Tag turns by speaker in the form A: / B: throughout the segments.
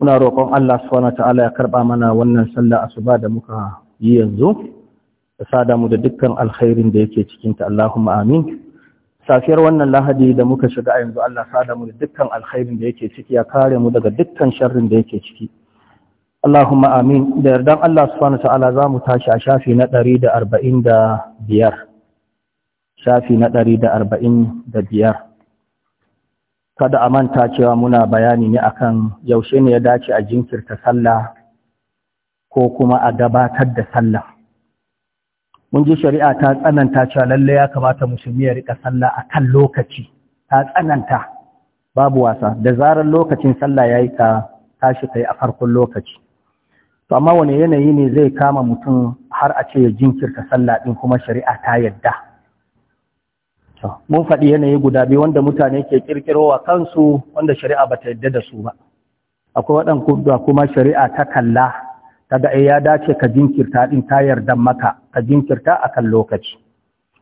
A: muna roƙon Allah subhanahu ta'ala ya karɓa mana wannan sallah asuba da muka yi yanzu da sada mu da dukkan alkhairin da yake cikin ta Allahumma amin safiyar wannan lahadi da muka shiga yanzu Allah sada mu da dukkan alkhairin da yake ciki ya kare mu daga dukkan sharrin da yake ciki Allahumma amin da yardan Allah subhanahu ta'ala za mu tashi a shafi na ɗari 145 shafi na biyar. kada a manta cewa muna bayani ne akan yaushe ne ya dace a jinkirta sallah ko kuma a gabatar da sallah mun ji shari'a ta tsananta cewa lalle ya kamata musulmi ya rika sallah akan lokaci ta tsananta babu wasa da zarar lokacin sallah yayi ka tashi kai a farkon lokaci to amma wani yanayi ne zai kama mutum har a ce ya jinkirta sallah din kuma shari'a ta yadda mun faɗi yanayi guda biyu wanda mutane ke wa kansu wanda shari'a ba ta yadda da su ba akwai waɗanda kuma shari'a ta kalla ta ga eh, ya dace ka jinkirta ɗin ta yarda maka ka jinkirta a kan lokaci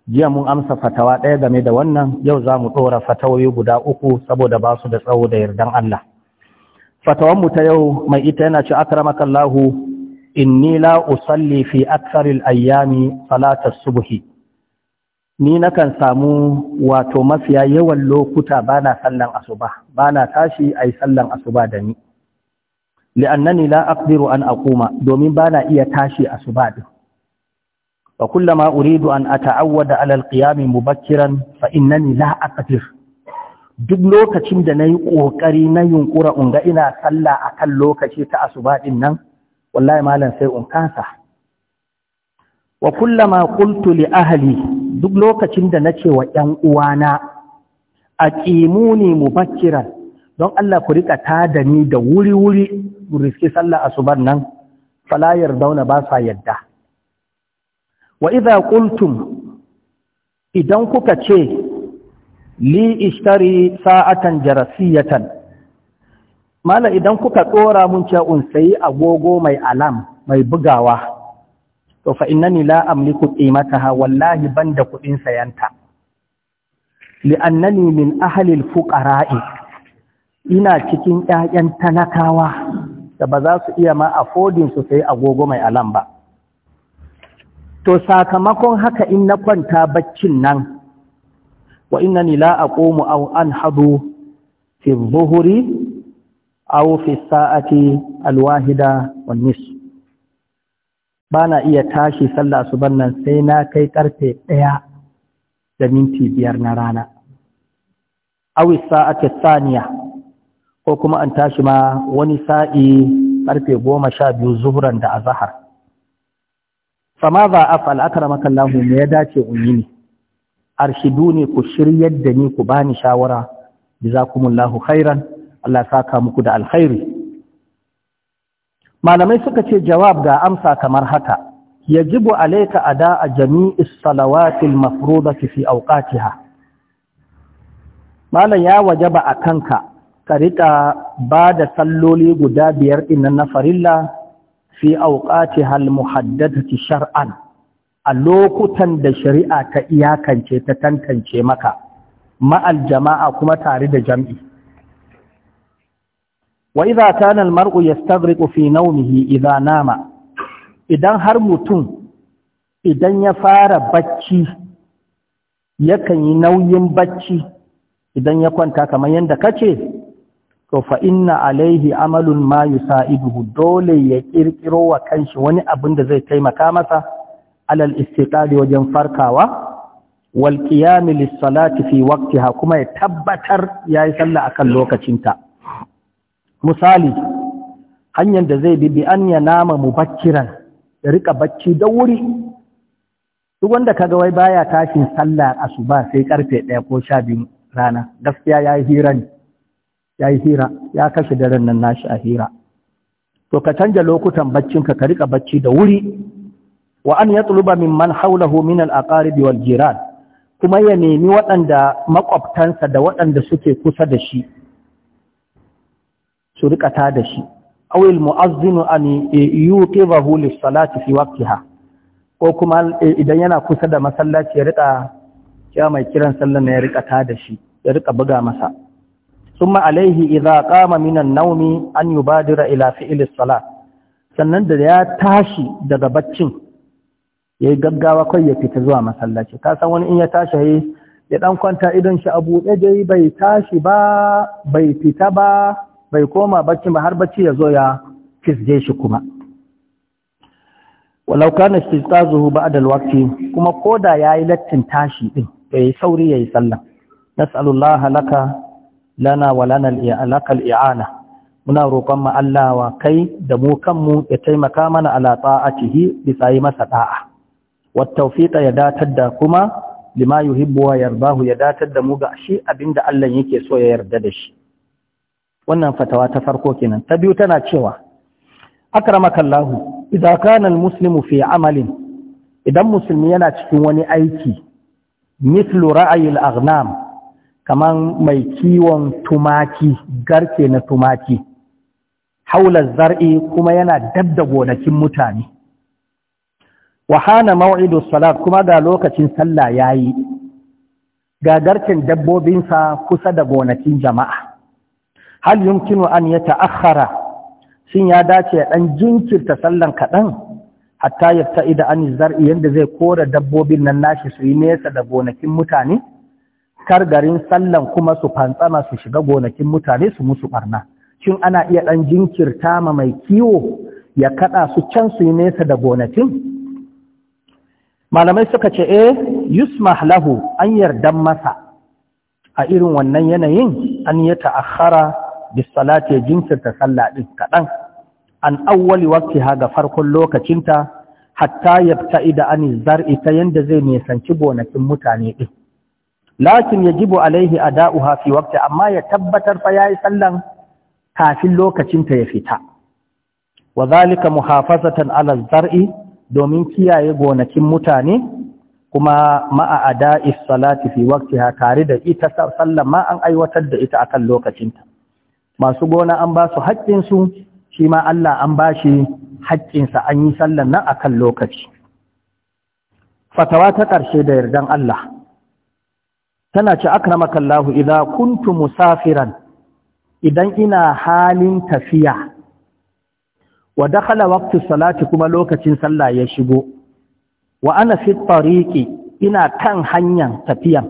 A: jiya mun amsa fatawa ɗaya game da wannan yau za mu ɗora fatawoyi guda uku saboda ba su da tsawo da yardan Allah mu ta yau mai ita yana ce akramakallahu inni la usalli fi aksaril ayyami salatar subuhi ni nakan samu wato mafiya yawan lokuta ba na sallan asuba ba na tashi a yi sallan asuba da ni li'annani la aqdiru an aquma domin ba na iya tashi asuba din wa kullama uridu an ata'awwada ala alqiyami mubakkiran fa innani la aqdir duk lokacin da nayi kokari na yunkura unga ina sallah akan lokaci ta asuba din nan wallahi malam sai un kasa wa kullama qultu li ahli duk lokacin da na ce wa ‘yan uwana a ne mu bakiran don Allah ku rika ta da ni da wuri-wuri riski sallah asubar nan falayar dauna ba sa yadda wa iza qultum idan kuka ce li ishtari sa'atan jarasiyatan mala idan kuka tsora mun ce un sayi agogo mai alam mai bugawa to fa innani la amliku qimataha wallahi banda kudin sayanta li'annani min ahli al ina cikin ƴaƴan talakawa da ba za su iya ma affording su sai agogo mai alam ba to sakamakon haka in na kwanta baccin nan wa innani la aqumu aw anhadu fi adh-dhuhri aw fi as-sa'ati al-wahida wan-nisf ba na iya tashi sallah asuban nan sai na kai karfe ɗaya da minti biyar na rana awi sa'ati saniya ko kuma an tashi ma wani sa'i karfe goma sha biyu zuhuran da azahar fama za a al'akar makallahu me ya dace unyi ne arshidu ne ku shiryar da ni ku bani shawara lahu khairan Allah saka muku da alkhairi malamai suka ce jawab ga amsa kamar haka yajibu alayka ada'a jami'is salawatil mafrudati fi awqatiha malam ya wajaba akanka ka rika ba da salloli guda biyar inna na farilla fi awqatiha al muhaddadati shar'an a lokutan da shari'a ta iyakance ta tantance maka ma'al jama'a kuma tare da jam'i wa idza kana almar'u yastaghriqu fi nawmihi idza nama idan har mutum idan ya fara bacci yakan yi nauyin barci idan ya kwanta kamar yadda kace to fa inna alaihi amalun ma yusaiduhu dole ya kirkiro wa shi wani abin da zai taimaka masa alal istiqali wajen farkawa Walƙiyami qiyam lis salati fi waqtiha kuma ya tabbatar yayi sallah akan lokacinta misali hanyar da zai bi an ya nama mu mubakkiran ya rika bacci da wuri duk wanda kaga wai baya tashin sallah asuba sai karfe ɗaya ko sha biyu rana gaskiya ya yi hira ne ya hira ya kashe daren nan nashi a hira to ka canja lokutan baccinka ka rika bacci da wuri wa an yatluba mimman haulahu min al-aqarib wal jiran kuma ya nemi waɗanda makwabtansa da waɗanda suke kusa da shi su rikata da shi awil mu'azzinu an yuqibahu lis-salati fi waqtiha ko kuma e, idan yana kusa da masallaci ya rika ya mai kiran sallan ya rikata da shi ya rika buga masa summa alaihi iza qama minan nawmi an yubadira ila fi'lis salat sannan da ya tashi daga baccin ya yi gaggawa kai ya fita zuwa masallaci ka san wani in ya tashi ya ɗan kwanta idan shi abu ɗaya bai tashi ba bai fita ba bai koma bacci ba har bacci ya zo ya fisge shi kuma walau kana istitazuhu ba'da alwaqti kuma koda yayi lattin tashi din yayi sauri yayi sallah nas'alullaha laka lana wa lana al'alaka al'ana muna roƙon ma Allah wa kai da mu kanmu ya taimaka mana a ta'atihi bisa yi masa ɗa'a wat tawfiqa ya datar da kuma lima yuhibbu wa yardahu ya datar da mu ga shi abinda Allah yake so ya yarda da shi wannan fatawa ta farko kenan ta biyu tana cewa akramakallahu idza kana almuslimu fi amalin idan musulmi yana cikin wani aiki mithlu ra'ayil aghnam kaman mai kiwon tumaki garke na tumaki haula zar'i kuma yana dabda gonakin mutane wahana maw'idu salat kuma ga lokacin sallah yayi gagarcin dabbobinsa kusa da gonakin jama'a hal yumkinu an ya ta'akhara shin ya dace ya dan jinkirta sallan kaɗan hatta ya ida an zar'i yanda zai kora dabbobin nan nashi su yi nesa da gonakin mutane kar garin sallan kuma su fantsama su shiga gonakin mutane su musu barna shin ana iya dan jinkirta ma mai kiwo ya kada su can su yi nesa da gonakin malamai suka ce eh yusmah lahu an yardan masa a irin wannan yanayin an ya ta'akhara bisalati ya jinkirta sallah din kaɗan an awwali waktiha ga farkon lokacinta hatta yabta'ida an zar'i ta yanda zai nisanci gonakin mutane din lakin ya yajibu alaihi ada'uha fi waqti amma ya tabbatar fa yayi sallan kafin lokacinta ya fita wa zalika muhafazatan ala zar'i domin kiyaye gonakin mutane kuma ma'a ada'is salati fi waktiha tare da ita sallan ma an aiwatar da ita akan lokacinta masu gona an ba su haƙƙinsu shi ma Allah an ba shi haƙƙinsa an yi sallan nan akan lokaci fatawa ta ƙarshe da yardan Allah tana ce akramakallahu idan kuntu musafiran idan ina halin tafiya wa dakala waktu salati kuma lokacin sallah ya shigo wa ana fi ina kan hanyar tafiyan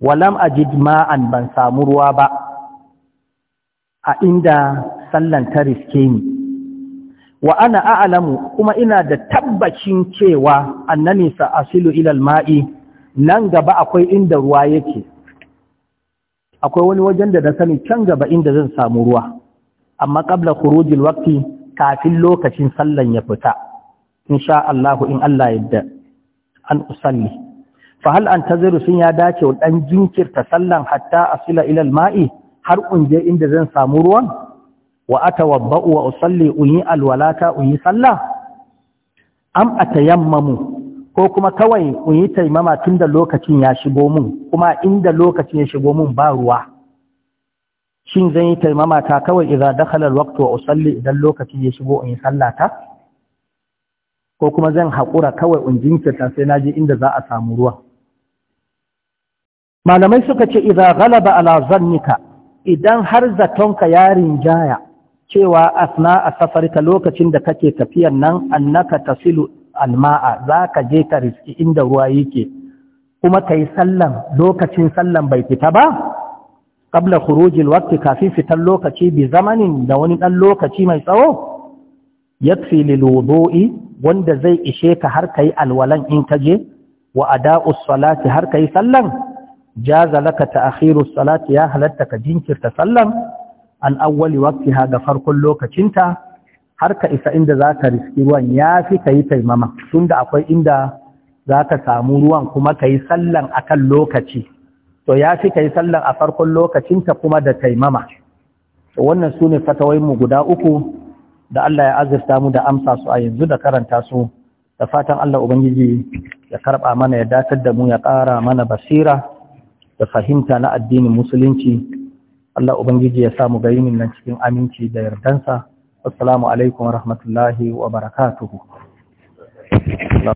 A: walam ajid ma'an ban samu ruwa ba a inda sallan ta riske ni wa ana a'lamu kuma ina da tabbacin cewa annani sa'asilu ilal ma'i nan gaba akwai inda ruwa yake akwai wani wajen da na sani can gaba inda zan samu ruwa amma qabla khurujil waqti kafin lokacin sallan ya fita insha Allah in Allah yadda an usalli fa hal antaziru sun ya dace dan jinkirta sallan hatta asila ilal ma'i har unje inda zan samu ruwan wa atawabba'u wa usalli unyi alwalata uyi sallah am atayammamu ko kuma kawai unyi taimama tunda lokacin ya shigo mun kuma inda lokacin ya shigo mun ba ruwa shin zan yi taimama ta kawai idan dakhala alwaqtu wa usalli idan lokacin ya shigo unyi sallata ko kuma zan haƙura kawai jinkirta sai na je inda za a samu ruwa malamai suka ce idan galaba ala zannika idan har zatonka ya rinjaya cewa asna a safarka lokacin da kake tafiyan nan annaka tasilu alma'a za ka je ka riski inda ruwa yake kuma ka yi sallan lokacin sallan bai fita ba ƙabla kurojin wakti kafin fitar lokaci bi zamanin da wani ɗan lokaci mai tsawo ya fi wudu'i wanda zai ishe ka har ka yi alwalan in ka je wa ada'us salati har ka yi sallan jaza laka ta'khiru salati ya halatta ka jinkirta sallan an awwali waqtiha ga farkon lokacinta har ka isa inda zaka riski ruwan yafi kayi taimama tunda akwai inda zaka samu ruwan kuma kayi sallan akan lokaci to yafi kayi sallan a farkon lokacinta kuma da taimama to wannan sune fatawai mu guda uku da Allah ya azurta mu da amsa su a yanzu da karanta su da fatan Allah ubangiji ya karba mana ya datar da mu ya ƙara mana basira da fahimta na addinin musulunci Allah ubangiji ya samu gayinin nan cikin aminci da yardansa assalamu alaikum wa rahmatullahi wa barakatuhu